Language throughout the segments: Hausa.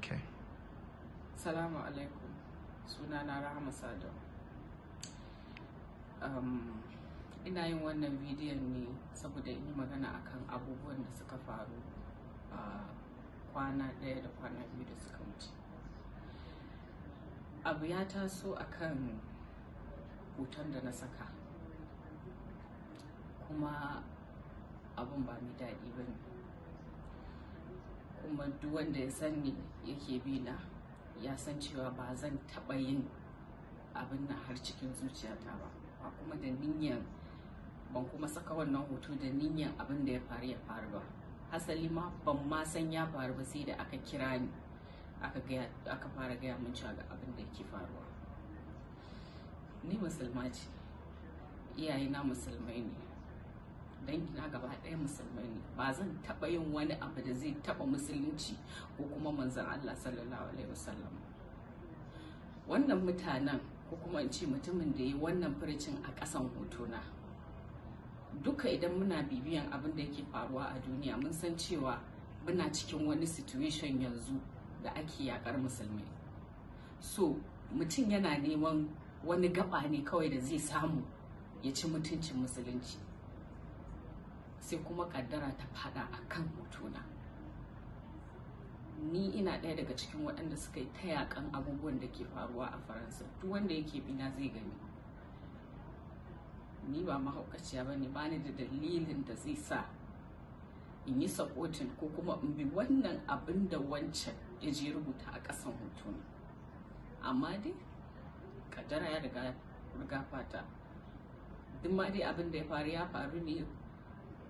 Okay. Salamu alaikum. Sunana Rahama Sadau. Um, ina yin wannan bidiyon ne saboda in magana akan abubuwan da suka faru a kwana ɗaya da kwana biyu da suka wuce. Abu ya taso akan hoton da na saka. Kuma abun ba mai daɗi ba ne. kuma duk wanda ya san ni yake bi na ya san cewa ba zan taba yin abin nan har cikin zuciyata ba ba kuma da niyyar ban kuma saka wannan hoto da niyyar abin da ya faru ya faru ba hasali ma ban ma san ya faru ba sai da aka kira ni aka fara gaya min cewa ga abin da yake faruwa ni musulma ce iyayena musulmai ne dangi na gaba ɗaya musulmai ba zan taɓa yin wani abu da zai taɓa musulunci ko kuma manzon Allah sallallahu alaihi wasallam wannan mutanen ko kuma in ce mutumin da ya wannan furcin a ƙasan hotuna duka idan muna bibiyan abin da yake faruwa a duniya mun san cewa muna cikin wani situation yanzu da ake yakar musulmai so mutum yana neman wani gaba ne kawai da zai samu ya ci mutuncin musulunci sai kuma kaddara ta fada a kan hotuna ni ina ɗaya daga cikin waɗanda suka yi ta yakan abubuwan da ke faruwa a faransa duk wanda yake bina zai gani ni ba mahaukaciya ba ne ba ni da dalilin da zai sa in yi sakotin ko kuma in bi wannan abin da wancan ya je rubuta a ƙasan hotuna amma dai kaddara ya riga fata duk ma dai abin da ya faru ya faru ne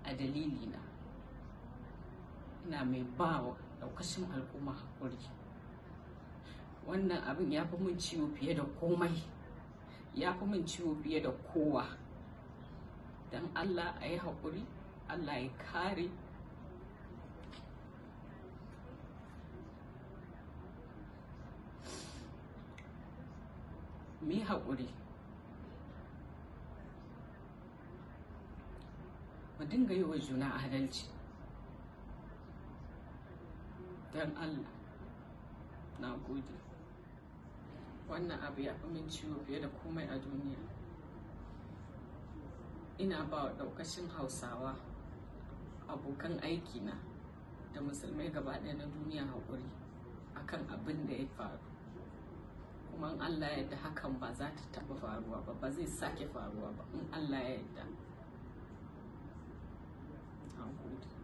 a dalilina ina mai bawa daukashin al'umma hakuri wannan abin ya fi min ciwo fiye da komai ya fi min ciwo fiye da kowa don allah a yi haƙuri allah ya kare mu yi haƙuri mu dinga yi wa juna adalci don allah na gode wannan abu ya min ciwo fiye da komai a duniya ina ba wa daukashin hausawa abokan aikina da musulmai gaba ɗaya na duniya haƙuri akan abin da ya faru kuma in allah ya yadda hakan ba za ta taɓa faruwa ba ba zai sake faruwa ba in allah ya yadda. concrete.